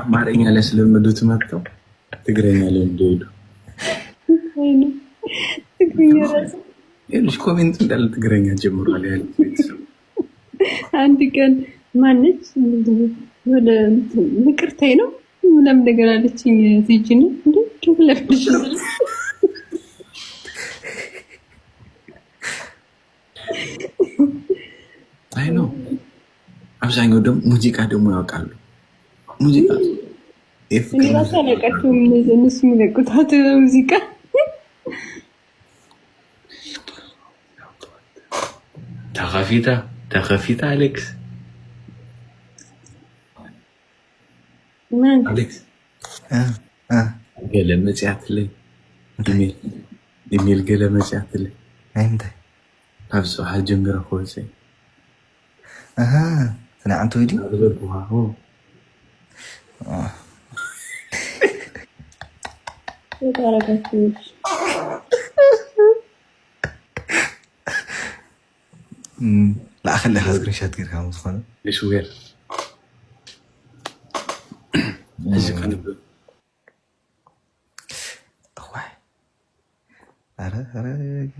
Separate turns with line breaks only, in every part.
አማርኛ ሊያስለምዱት መጥተው ትግረኛ ላይ እንደሄዱ ሌሎች ኮሜንት እንዳለ ትግረኛ ጀምሯል ያለ
አንድ ቀን ማነች ወደ ምቅርታይ ነው ምናም ነገር አለችኝ። ዜጅ ነው እንደ ለምንሽ
Saya kadi muzi kadi mau kalu muzi kadi
muzi kadi muzi kadi muzi kadi muzi kadi muzi kadi muzi kadi muzi kadi muzi kadi muzi kadi muzi kadi muzi kadi muzi kadi
muzi kadi muzi kadi muzi نعم تويدي آه. لا خليها سكرين شوت كده كمان مصخنة ايش وين؟ ايش كان ኧረ ኧረ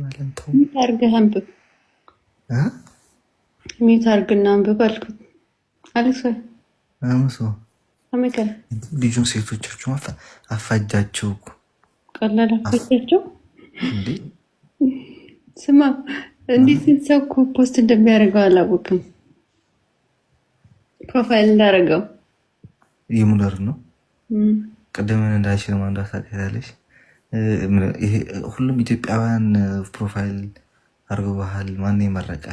ባለንተው
ሚት አርገህ አንብብ ሚት አርግና አንብብ አልኩት።
ልጁን ሴቶቻችሁ አፋጃቸው።
ቀላል አፋጃቸው። ስማ እንዴት ሰው እኮ ፖስት እንደሚያደርገው አላወቅም። ፕሮፋይል እንዳደረገው
የሙለር ነው። ቅድምን እንዳሽ ለማንዳት ታቃታለች። ሁሉም ኢትዮጵያውያን ፕሮፋይል አድርገው ባህል ማን የመረቀ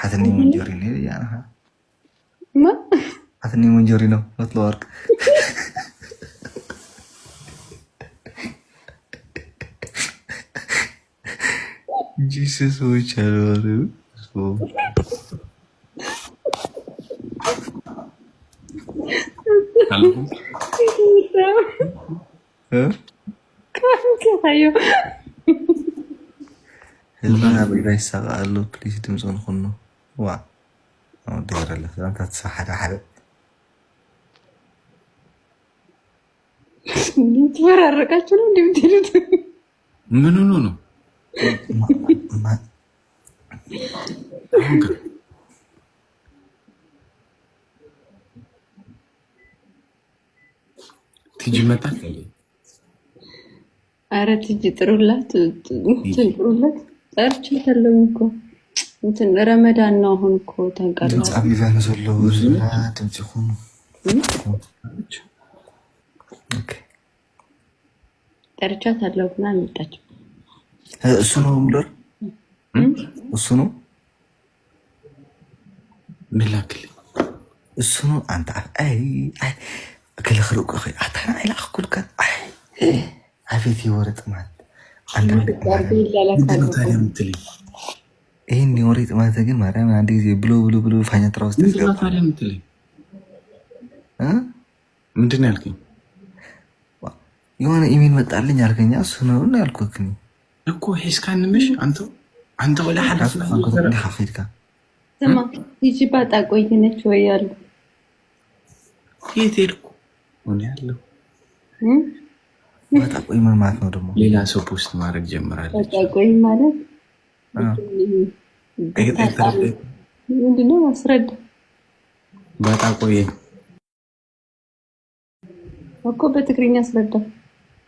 ሀትን መንጀሪ ያ I think Manjurino, not Lork. Jesus, which I love so. Hello? Huh? Kayo. Hello, na bigla sa alo, please dim son kono. Wa. Oh, dera la. Salamat sa hada hada.
ትፈራረቃችሁ ነው እንደምትሄዱት?
ምን ሆኖ ነው? ትጅ መጣች።
አረ ትጅ ጥሩላት፣ ጥሩላት። ጠርቻታለሁ እኮ እንትን ረመዳን ነው አሁን እኮ ታውቃለህ። ጠርቻት አለው ብላ መጣች።
እሱ ነው ሙለር፣ እሱ ነው ሚላክል፣ እሱ ነው አንተ ክልክል ቆ ኣታ ክኩልከን ኣቤት ወረ ጥማት ይህን ወሬ ጥማት ግን ማርያም አንድ ጊዜ ብሎ ብሎ ብሎ ፋኛ ጥራ ውስጥ ምንድን ያልከኝ የሆነ ኢሜል መጣልኝ አልከኛ። እሱ ነው ያልኩህ እኮ ሄስካንምሽ አንተ አንተ አንተ ወላ ሐላፍካ
ስማ ይጂ ባጣ ቆይነች ወይ ያሉ
የት ሄድኩ ሆነ ያለው ባጣ ቆይ ማለት ነው። ደግሞ ሌላ ሰው ፖስት ማድረግ ጀምራለች።
ባጣ ቆይ ማለት ምንድነው? አስረዳ። ባጣ ቆይ እኮ በትግርኛ አስረዳ።